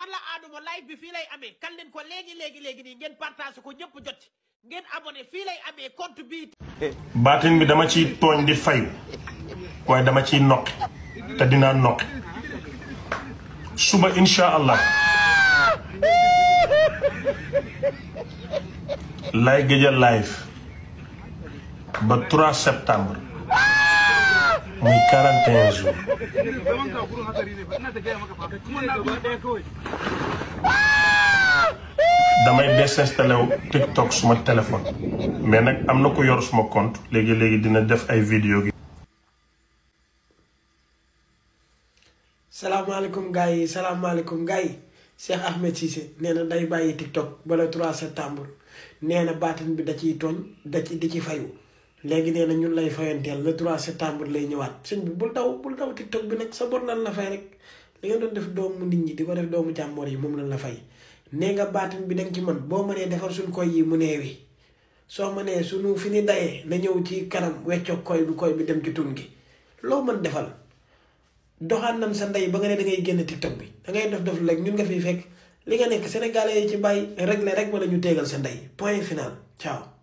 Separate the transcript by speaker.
Speaker 1: alla aadama live bi fii lay amee kan leen ko léegi léegi léegi nii ngeen partage ko ñëpp jot ngeen abonné fii lay amee compte bi
Speaker 2: baatin bi dama ciy tooñ di fayu waaye dama ciy noqi te dina noqi suba insha allah lay gëja live ba 3 muy 41 jours. damay désinstallé wu TikTok suma téléphone. mais nag am na ko yor suma compte léegi léegi dina def ay vidéo gi.
Speaker 1: salaamaaleykum gars yi salaamaaleykum gars Ahmed Cissé nee na day bàyyi TikTok ba le 3 septembre nee na baatin bi da ciy tooñ da ci di ci fayu. léegi nee na ñun lay fayanteel le 3 septembre lay ñëwaat sëñ bi bul daw bul daw tiktok bi nag sa bor lan la fay rek li nga doon def doomu nit ñi di ko def doomu jàmboor yi moom lan la fay nee nga baatin bi danga ci mën boo mënee defar suñ koy yi mu soo mënee suñu fi ni dayee na ñëw ci kanam weccoog koy bi koy bi dem ci tun gi loo mën defal doxaan nan sa ndey ba nga ne da ngay génn tiktok bi dangay ngay def def léegi ñun nga fiy fekk li nga nekk sénégalais yi ci bàyyi régler rek wala ñu tegal sa ndey point final ciao